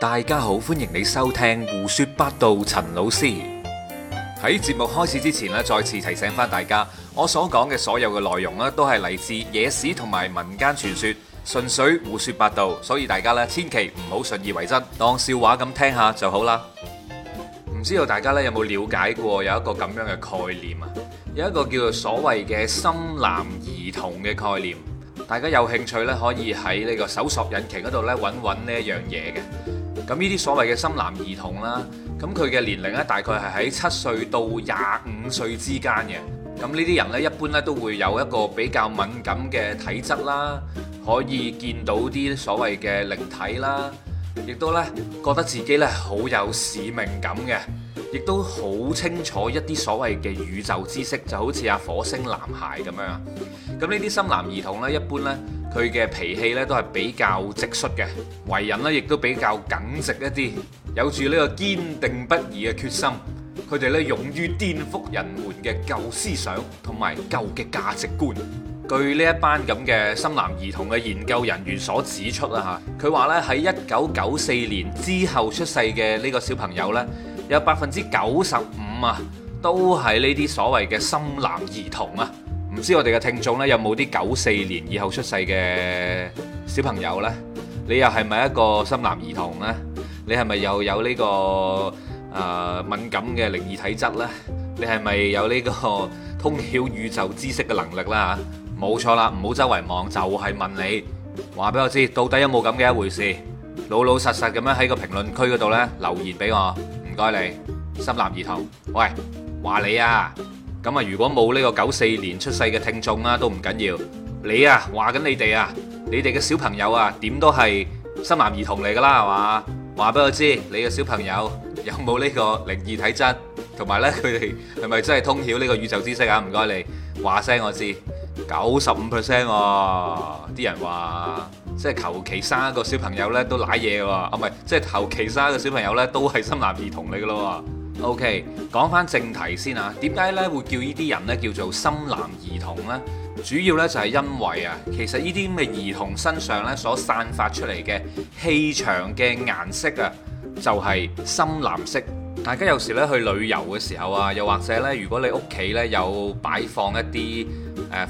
大家好，歡迎你收聽胡說八道。陳老師喺節目開始之前咧，再次提醒翻大家，我所講嘅所有嘅內容咧，都係嚟自野史同埋民間傳說，純粹胡說八道，所以大家咧千祈唔好信以為真，當笑話咁聽下就好啦。唔知道大家咧有冇了解過有一個咁樣嘅概念啊？有一個叫做所謂嘅深藍兒童嘅概念，大家有興趣咧可以喺呢個搜索引擎嗰度揾揾呢一樣嘢嘅。咁呢啲所謂嘅深藍兒童啦，咁佢嘅年齡咧大概係喺七歲到廿五歲之間嘅。咁呢啲人呢，一般咧都會有一個比較敏感嘅體質啦，可以見到啲所謂嘅靈體啦，亦都呢覺得自己呢好有使命感嘅。亦都好清楚一啲所謂嘅宇宙知識，就好似阿火星男孩咁樣。咁呢啲深藍兒童呢，一般呢佢嘅脾氣呢都係比較直率嘅，為人呢亦都比較耿直一啲，有住呢個堅定不移嘅決心。佢哋呢勇於顛覆人們嘅舊思想同埋舊嘅價值觀。據呢一班咁嘅深藍兒童嘅研究人員所指出啦，嚇佢話呢喺一九九四年之後出世嘅呢個小朋友呢。有百分之九十五啊，都係呢啲所謂嘅深藍兒童啊！唔知我哋嘅聽眾呢，有冇啲九四年以後出世嘅小朋友呢？你又係咪一個深藍兒童呢？你係咪又有呢、呢個啊、呃、敏感嘅靈異體質呢？你係咪有呢個通曉宇宙知識嘅能力啦？冇錯啦，唔好周圍望，就係、係、問你話俾我知，到底有冇咁嘅一回事？老老實實咁樣喺個評論區嗰度呢，留言俾我。唔該你，靛藍兒童，喂，話你啊，咁啊如果冇呢個九四年出世嘅聽眾啦，都唔緊要，你啊話緊你哋啊，你哋嘅小朋友啊，點都係靛藍兒童嚟噶啦，係嘛？話俾我知，你嘅小朋友有冇呢個靈異體質，同埋呢佢哋係咪真係通曉呢個宇宙知識啊？唔該你，話聲我知，九十五 percent，啲人話。即係求其生一個小朋友呢，都瀨嘢喎。啊，唔係，即係求其生一個小朋友呢，都係深藍兒童嚟噶咯。OK，講返正題先啊。點解呢會叫呢啲人呢叫做深藍兒童呢？主要呢就係因為啊，其實呢啲咁嘅兒童身上呢所散發出嚟嘅氣場嘅顏色啊，就係深藍色。大家有時呢去旅遊嘅時候啊，又或者呢，如果你屋企呢有擺放一啲。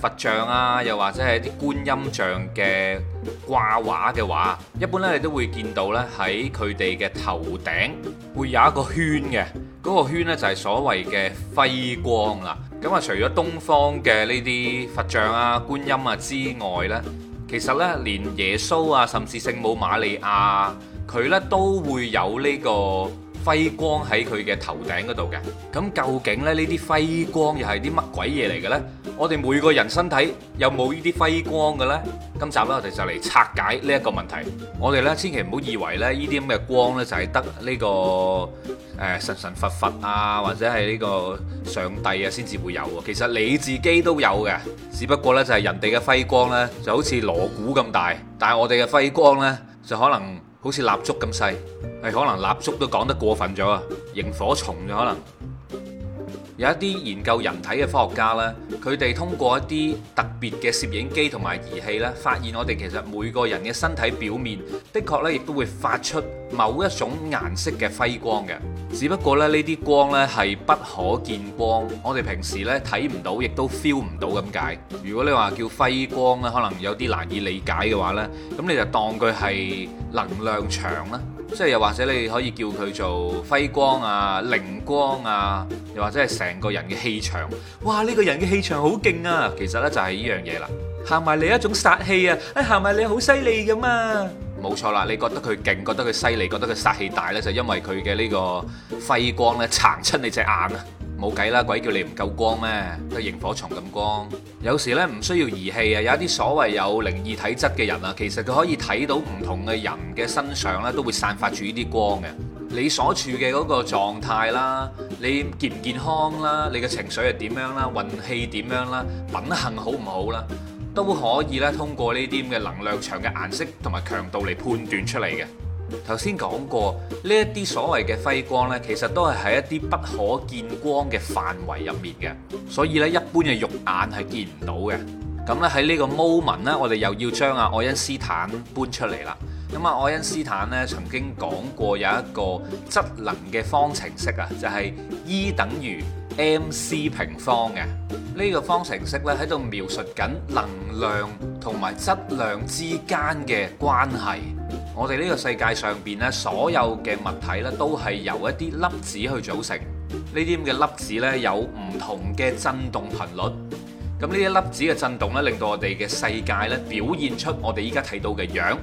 佛像啊，又或者係啲觀音像嘅掛畫嘅話，一般咧你都會見到呢喺佢哋嘅頭頂會有一個圈嘅嗰、那個圈呢，就係、是、所謂嘅輝光啦。咁、嗯、啊，除咗東方嘅呢啲佛像啊、觀音啊之外呢，其實呢，連耶穌啊，甚至聖母瑪利亞佢呢都會有呢、這個輝光喺佢嘅頭頂嗰度嘅。咁究竟咧呢啲輝光又係啲乜鬼嘢嚟嘅咧？我哋每個人身體有冇呢啲輝光嘅咧？今集咧我哋就嚟拆解呢一個問題。我哋咧千祈唔好以為咧呢啲咁嘅光咧就係得呢個誒神神佛佛啊或者係呢個上帝啊先至會有，其實你自己都有嘅，只不過咧就係人哋嘅輝光咧就好似鑼鼓咁大，但係我哋嘅輝光咧就可能好似蠟燭咁細。係可能蠟燭都講得過分咗啊！螢火蟲就可能。有一啲研究人體嘅科學家呢，佢哋通過一啲特別嘅攝影機同埋儀器呢，發現我哋其實每個人嘅身體表面的確呢，亦都會發出某一種顏色嘅輝光嘅。只不過咧，呢啲光呢係不可見光，我哋平時呢睇唔到，亦都 feel 唔到咁解。如果你話叫輝光呢，可能有啲難以理解嘅話呢，咁你就當佢係能量場啦。即係又或者你可以叫佢做輝光啊、靈光啊，又或者係成個人嘅氣場，哇！呢個人嘅氣場好勁啊，其實呢就係呢樣嘢啦，行埋嚟一種殺氣啊，哎，行埋你好犀利㗎嘛，冇錯啦，你覺得佢勁，覺得佢犀利，覺得佢殺氣大呢，就因為佢嘅呢個輝光呢，撐出你隻眼啊！冇計啦，鬼叫你唔夠光咩？得螢火蟲咁光。有時呢，唔需要儀器啊，有一啲所謂有靈異體質嘅人啊，其實佢可以睇到唔同嘅人嘅身上咧都會散發住呢啲光嘅。你所處嘅嗰個狀態啦，你健唔健康啦，你嘅情緒係點樣啦，運氣點樣啦，品行好唔好啦，都可以咧通過呢啲咁嘅能量場嘅顏色同埋強度嚟判斷出嚟嘅。頭先講過呢一啲所謂嘅輝光呢，其實都係喺一啲不可見光嘅範圍入面嘅，所以呢，一般嘅肉眼係見唔到嘅。咁咧喺呢個 moment 呢，我哋又要將阿愛因斯坦搬出嚟啦。咁啊，愛因斯坦呢，曾經講過有一個質能嘅方程式啊，就係 E 等於 mc 平方嘅。呢個方程式呢，喺度描述緊能量同埋質量之間嘅關係。我哋呢個世界上邊咧，所有嘅物體咧，都係由一啲粒子去組成。呢啲咁嘅粒子咧，有唔同嘅震動頻率。咁呢啲粒子嘅震動咧，令到我哋嘅世界咧，表現出我哋依家睇到嘅樣。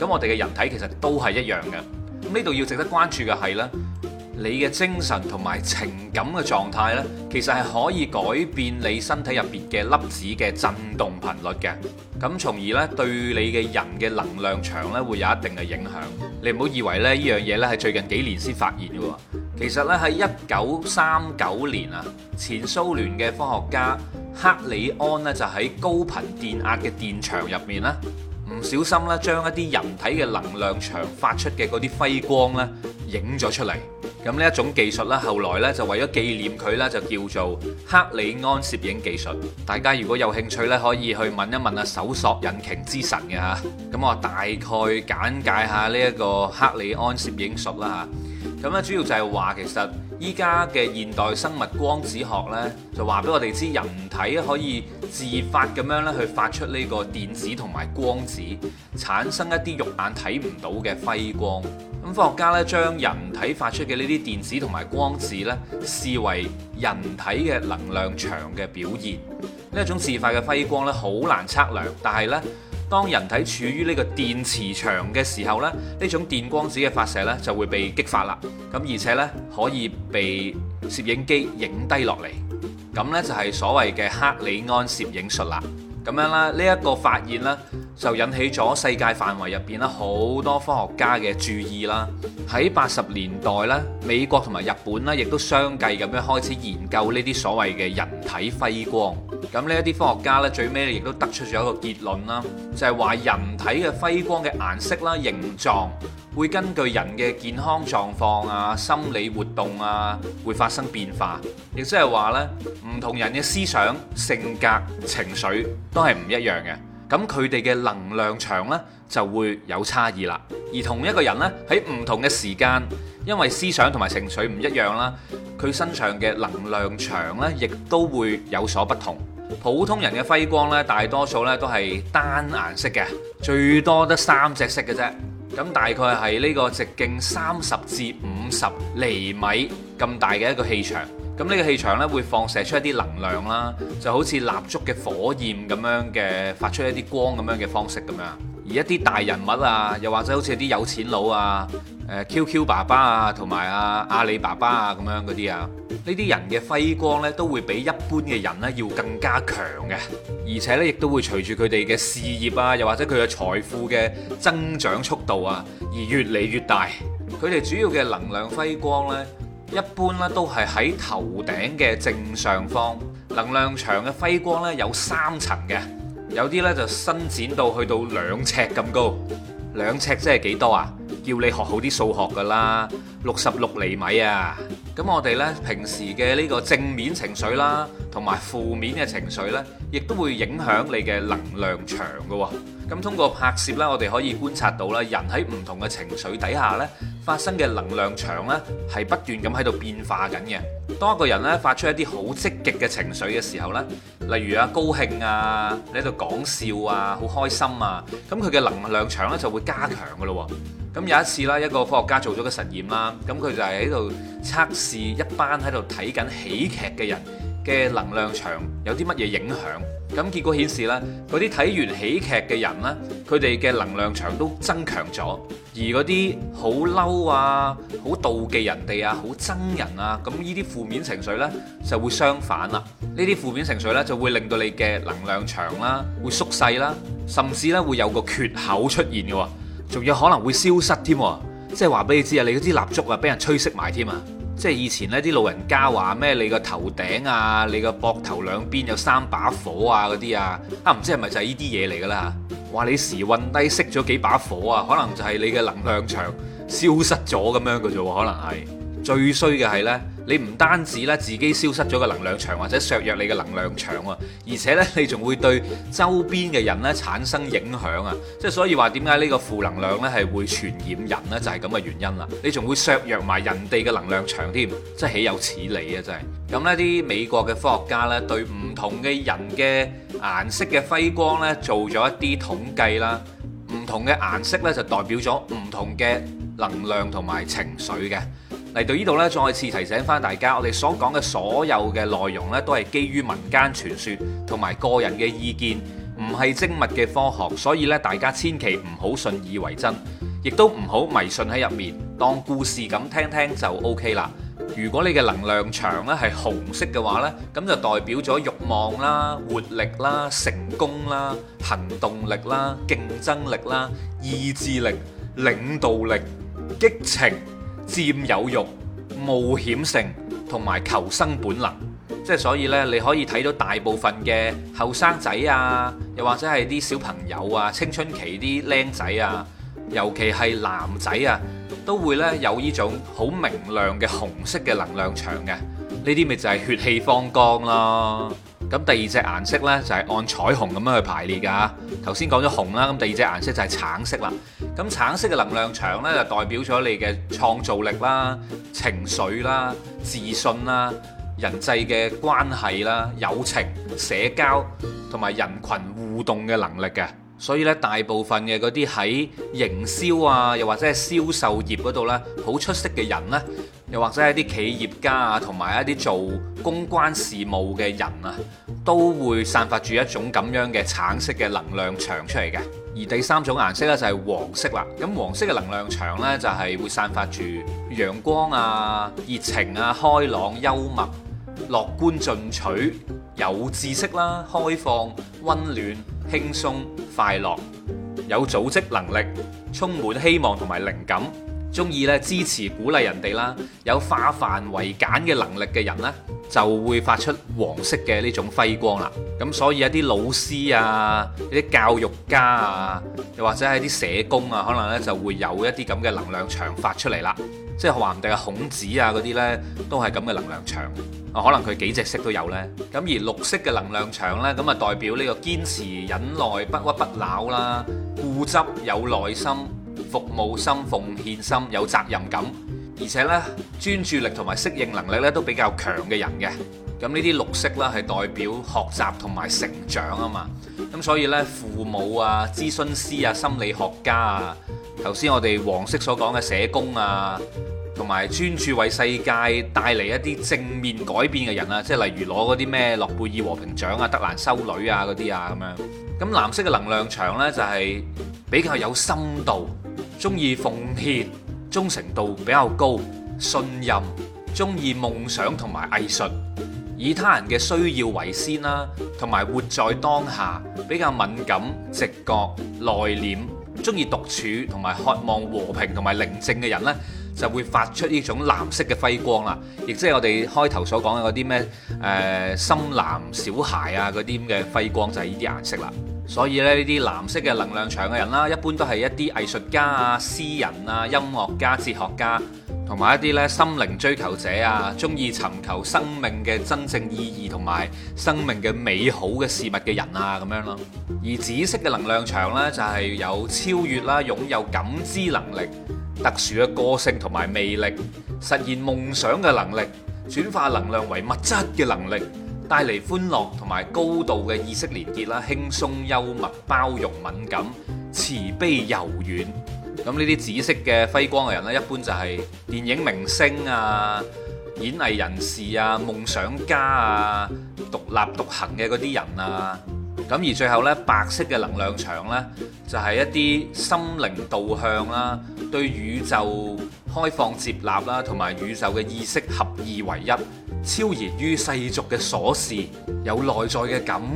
咁我哋嘅人體其實都係一樣嘅。呢度要值得關注嘅係咧。你嘅精神同埋情感嘅狀態咧，其實係可以改變你身體入邊嘅粒子嘅震動頻率嘅，咁從而咧，對你嘅人嘅能量場咧會有一定嘅影響。你唔好以為咧呢樣嘢咧係最近幾年先發現嘅喎，其實咧喺一九三九年啊，前蘇聯嘅科學家克里安咧就喺高頻電壓嘅電場入面啦，唔小心咧將一啲人體嘅能量場發出嘅嗰啲輝光咧。影咗出嚟，咁呢一種技術咧，後來呢，就為咗紀念佢呢，就叫做克里安攝影技術。大家如果有興趣呢，可以去問一問啊，搜索引擎之神嘅嚇。咁我大概簡介下呢一個克里安攝影術啦嚇。咁咧主要就係話其實。依家嘅現代生物光子學呢，就話俾我哋知人體可以自發咁樣咧，去發出呢個電子同埋光子，產生一啲肉眼睇唔到嘅輝光。咁，嗯，科學家呢，將人體發出嘅呢啲電子同埋光子呢，視為人體嘅能量場嘅表現。呢一種自發嘅輝光呢，好難測量，但係呢。當人體處於呢個電磁場嘅時候咧，呢種電光子嘅發射咧就會被激發啦，咁而且呢可以被攝影機影低落嚟，咁呢就係所謂嘅克里安攝影術啦。咁樣啦，呢、這、一個發現呢，就引起咗世界範圍入邊啦好多科學家嘅注意啦。喺八十年代呢，美國同埋日本呢，亦都相繼咁樣開始研究呢啲所謂嘅人體輝光。咁呢一啲科學家呢，最尾亦都得出咗一個結論啦，就係話人體嘅輝光嘅顏色啦、形狀會根據人嘅健康狀況啊、心理活動啊會發生變化，亦即係話呢，唔同人嘅思想、性格、情緒都係唔一樣嘅。咁佢哋嘅能量場呢，就會有差異啦。而同一個人呢，喺唔同嘅時間，因為思想同埋情緒唔一樣啦，佢身上嘅能量場呢，亦都會有所不同。普通人嘅輝光咧，大多數咧都係單顏色嘅，最多得三隻色嘅啫。咁大概係呢個直徑三十至五十厘米咁大嘅一個氣場。咁呢個氣場咧會放射出一啲能量啦，就好似蠟燭嘅火焰咁樣嘅發出一啲光咁樣嘅方式咁樣。而一啲大人物啊，又或者好似啲有錢佬啊，誒 QQ 爸爸啊，同埋啊阿里巴巴啊咁樣嗰啲啊，呢啲人嘅輝光咧都會比一般嘅人咧要更加強嘅，而且咧亦都會隨住佢哋嘅事業啊，又或者佢嘅財富嘅增長速度啊，而越嚟越大。佢哋主要嘅能量輝光咧，一般咧都係喺頭頂嘅正上方，能量場嘅輝光咧有三層嘅。有啲呢就伸展到去到兩尺咁高，兩尺即係幾多啊？叫你學好啲數學噶啦，六十六厘米啊！咁我哋呢平時嘅呢個正面情緒啦，同埋負面嘅情緒呢，亦都會影響你嘅能量場噶喎。咁通過拍攝啦，我哋可以觀察到啦，人喺唔同嘅情緒底下呢，發生嘅能量場呢，係不斷咁喺度變化緊嘅。當一個人呢發出一啲好積極嘅情緒嘅時候呢，例如啊，高興啊，你喺度講笑啊，好開心啊，咁佢嘅能量場呢就會加強㗎咯。咁有一次啦，一個科學家做咗個實驗啦，咁佢就係喺度測試一班喺度睇緊喜劇嘅人嘅能量場有啲乜嘢影響。咁結果顯示咧，嗰啲睇完喜劇嘅人呢，佢哋嘅能量場都增強咗；而嗰啲好嬲啊、好妒忌人哋啊、好憎人啊，咁呢啲負面情緒呢，就會相反啦。呢啲負面情緒呢，就會令到你嘅能量場啦會縮細啦，甚至呢會有個缺口出現嘅喎，仲有可能會消失添，即係話俾你知啊，你嗰支蠟燭啊俾人吹熄埋添啊！即係以前呢啲老人家話咩？你個頭頂啊，你個膊頭兩邊有三把火啊，嗰啲啊啊，啊、唔知係咪就係呢啲嘢嚟㗎啦？話你時運低熄咗幾把火啊，可能就係你嘅能量場消失咗咁樣嘅啫喎，可能係最衰嘅係呢。你唔單止咧自己消失咗個能量場，或者削弱你嘅能量場啊，而且咧你仲會對周邊嘅人咧產生影響啊，即係所以話點解呢個負能量咧係會傳染人呢？就係咁嘅原因啦。你仲會削弱埋人哋嘅能量場添，即係豈有此理啊！真係咁呢，啲美國嘅科學家呢，對唔同嘅人嘅顏色嘅輝光呢，做咗一啲統計啦，唔同嘅顏色呢，就代表咗唔同嘅能量同埋情緒嘅。嚟到呢度呢，再次提醒翻大家，我哋所講嘅所有嘅內容呢，都係基於民間傳說同埋個人嘅意見，唔係精密嘅科學，所以呢，大家千祈唔好信以為真，亦都唔好迷信喺入面，當故事咁聽聽就 OK 啦。如果你嘅能量場呢係紅色嘅話呢，咁就代表咗欲望啦、活力啦、成功啦、行動力啦、競爭力啦、意志力、領導力、激情、佔有慾、冒險性同埋求生本能，即係所以咧，你可以睇到大部分嘅後生仔啊，又或者係啲小朋友啊、青春期啲僆仔啊，尤其係男仔啊，都會呢有呢種好明亮嘅紅色嘅能量場嘅，呢啲咪就係血氣方剛啦。咁第二隻顏色呢，就係按彩虹咁樣去排列㗎。頭先講咗紅啦，咁第二隻顏色就係橙色啦。咁橙色嘅能量場呢，就代表咗你嘅創造力啦、情緒啦、自信啦、人際嘅關係啦、友情、社交同埋人群互動嘅能力嘅。所以呢，大部分嘅嗰啲喺營銷啊，又或者係銷售業嗰度呢，好出色嘅人呢。又或者係啲企業家啊，同埋一啲做公關事務嘅人啊，都會散發住一種咁樣嘅橙色嘅能量場出嚟嘅。而第三種顏色呢，就係黃色啦。咁黃色嘅能量場呢，就係會散發住陽光啊、熱情啊、開朗、幽默、樂觀、進取、有知識啦、開放、溫暖、輕鬆、快樂、有組織能力、充滿希望同埋靈感。中意咧支持鼓勵人哋啦，有化繁為簡嘅能力嘅人呢，就會發出黃色嘅呢種輝光啦。咁所以一啲老師啊，一啲教育家啊，又或者係啲社工啊，可能呢就會有一啲咁嘅能量場發出嚟啦。即係話唔定孔子啊嗰啲呢，都係咁嘅能量場。啊，可能佢幾隻色都有呢。咁而綠色嘅能量場呢，咁啊代表呢個堅持忍耐不屈不撓啦，固執，有耐心。服務心、奉獻心、有責任感，而且呢專注力同埋適應能力呢都比較強嘅人嘅。咁呢啲綠色啦，係代表學習同埋成長啊嘛。咁所以呢，父母啊、諮詢師啊、心理學家啊，頭先我哋黃色所講嘅社工啊，同埋專注為世界帶嚟一啲正面改變嘅人啊，即係例如攞嗰啲咩諾貝爾和平獎啊、德蘭修女啊嗰啲啊咁樣。咁藍色嘅能量場呢就係比較有深度。中意奉獻、忠誠度比較高、信任、中意夢想同埋藝術，以他人嘅需要為先啦，同埋活在當下，比較敏感、直覺、內斂、中意獨處同埋渴望和平同埋寧靜嘅人呢，就會發出呢種藍色嘅輝光啦。亦即係我哋開頭所講嘅嗰啲咩誒深藍小孩啊嗰啲咁嘅輝光，就係呢啲顏色啦。所以咧，呢啲藍色嘅能量場嘅人啦，一般都係一啲藝術家啊、詩人啊、音樂家、哲學家，同埋一啲呢心靈追求者啊，鍾意尋求生命嘅真正意義同埋生命嘅美好嘅事物嘅人啊，咁樣咯。而紫色嘅能量場呢，就係、是、有超越啦，擁有感知能力、特殊嘅個性同埋魅力，實現夢想嘅能力，轉化能量為物質嘅能力。帶嚟歡樂同埋高度嘅意識連結啦，輕鬆幽默、包容、敏感、慈悲柔軟。咁呢啲紫色嘅輝光嘅人咧，一般就係電影明星啊、演藝人士啊、夢想家啊、獨立獨行嘅嗰啲人啊。咁而最後呢，白色嘅能量場呢，就係一啲心靈導向啦，對宇宙開放接納啦，同埋宇宙嘅意識合二為一。超然於世俗嘅瑣事，有內在嘅感悟，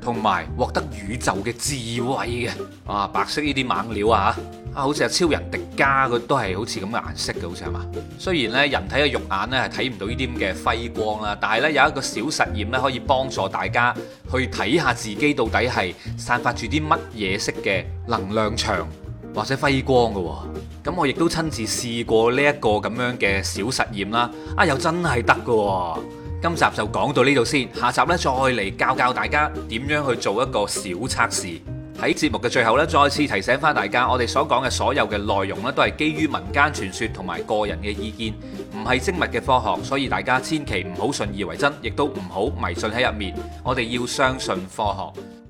同埋獲得宇宙嘅智慧嘅啊！白色呢啲猛料啊啊，好似係超人迪迦佢都係好似咁嘅顏色嘅，好似係嘛。雖然咧人體嘅肉眼咧係睇唔到呢啲咁嘅輝光啦，但係咧有一個小實驗咧可以幫助大家去睇下自己到底係散發住啲乜嘢色嘅能量場。或者輝光嘅喎，啊，咁我亦都親自試過呢一個咁樣嘅小實驗啦，啊又真係得㗎喎。今集就講到呢度先，下集呢，再嚟教教大家點樣去做一個小測試。喺節目嘅最後呢，再次提醒返大家，我哋所講嘅所有嘅內容呢，都係基於民間傳說同埋個人嘅意見，唔係精密嘅科學，所以大家千祈唔好信以為真，亦都唔好迷信喺入面。我哋要相信科學。